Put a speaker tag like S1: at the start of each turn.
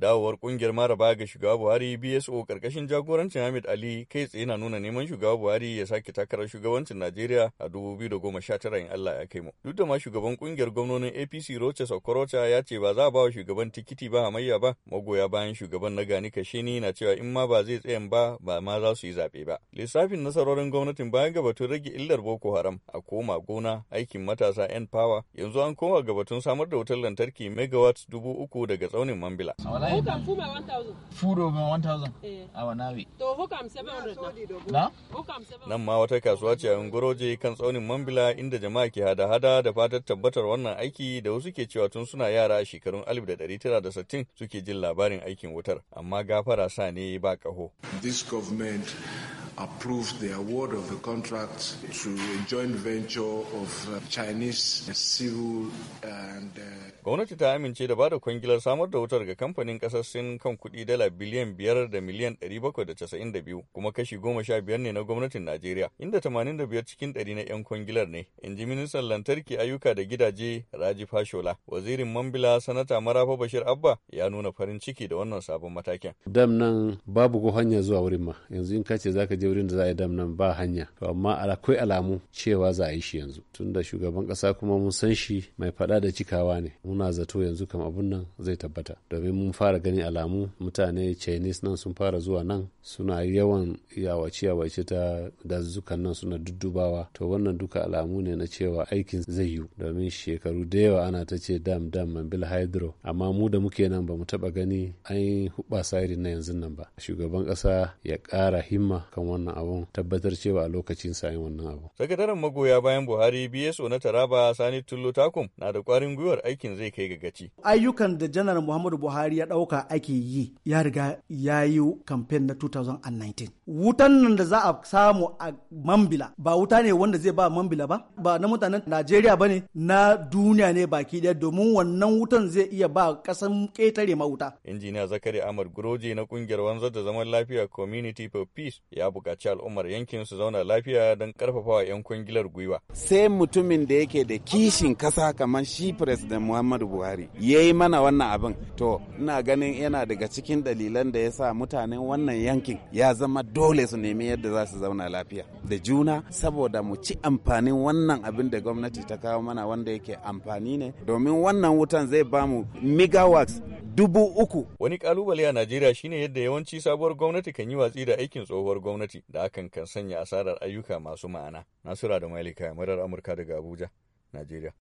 S1: Dawowar kungiyar mara ba ga shugaba Buhari BSO karkashin jagorancin Hamid Ali kai tsaye na nuna neman shugaba Buhari ya sake takarar shugabancin Najeriya a 2019 in Allah ya kai mu. Duk da ma shugaban kungiyar gwamnonin APC Rochas Okorocha ya ce ba za a ba wa shugaban tikiti ba hamayya ba magoya bayan shugaban na Gani Kashini na cewa in ma ba zai tsayan ba ba ma za su yi zaɓe ba. Lissafin nasarorin gwamnatin bayan gabatun rage illar Boko Haram a koma gona aikin matasa 'yan power yanzu an koma gabatun samar da wutar lantarki megawatts dubu uku daga tsaunin Mambila.
S2: Food over 1,000? Yeah. Our To who 700 Who 700?
S1: Nan ma wata kasuwa ce a Ngoroje kan tsaunin Mambila inda jama'a ke hada-hada da fatar tabbatar wannan aiki da wasu ke cewa tun suna yara a shekarun 1960 suke jin labarin aikin wutar. Amma gafara sa ne ba kaho.
S2: This government approved
S1: the award of a contract to a joint venture of uh, Chinese uh, civil and uh, Gwamnati ta amince da bada kwangilar samar da wutar ga kamfanin kasar Sin kan kuɗi dala biliyan biyar da miliyan ɗari bakwai da casa'in da biyu kuma kashi goma sha biyar ne na gwamnatin Najeriya inda tamanin da biyar cikin ɗari na 'yan kwangilar ne. In ji ministan lantarki ayyuka da gidaje Raji Fashola. Wazirin Mambila Sanata Marafa Bashir Abba ya nuna farin ciki da wannan sabon matakin.
S3: Dam nan babu ko hanya zuwa wurin ma yanzu in ka ce za ka je bangarorin da za a yi dam nan ba hanya to amma akwai alamu cewa za a yi shi yanzu tun da shugaban ƙasa kuma mun san shi mai faɗa da cikawa ne muna zato yanzu kam abun nan zai tabbata domin mun fara gani alamu mutane chinese nan sun fara zuwa nan suna yawan yawace yawace ta dazukan nan suna duddubawa to wannan duka alamu ne na cewa aikin zai yiwu domin shekaru da yawa ana ta ce dam dam man bil hydro amma mu da muke nan ba mu taba gani an yi hubasa irin na yanzu nan ba shugaban ƙasa ya ƙara himma kan wannan abun tabbatar cewa a lokacin sayan wannan abu.
S1: Sakataren magoya bayan Buhari BSO na Taraba Sani Tullo Takum na da kwarin gwiwar aikin zai kai ga gaci.
S2: Ayyukan da Janar Muhammadu Buhari ya dauka ake yi ya riga ya yi kamfen na 2019. Wutan nan da za a samu a Mambila ba wuta ne wanda zai ba Mambila ba ba na mutanen Najeriya ba ne na duniya ne baki daya domin wannan wutan zai iya ba kasan ketare ma wuta.
S1: Injiniya Zakari Ahmad Guroje na kungiyar wanzar da zaman lafiya Community for Peace ya bukaci al'ummar yankin su zauna lafiya don wa 'yan kwangilar gwiwa.
S2: Sai mutumin da yake da kishin kasa kamar shi President Muhammadu Buhari ya yi mana wannan abin. To, ina ganin yana daga cikin dalilan da ya sa mutanen wannan yankin ya zama dole su nemi yadda za su zauna lafiya. da juna saboda mu ci amfanin wannan abin da gwamnati ta kawo mana wanda
S1: yake amfani ne
S2: domin wannan wutan zai ba mu megawatts dubu uku.
S1: Wani kalubale a Najeriya shine yadda yawanci sabuwar gwamnati kan yi watsi da aikin tsohuwar gwamnati da hakan kan sanya asarar ayyuka masu ma'ana. Nasura da Malika, murar Amurka daga Abuja, Najeriya.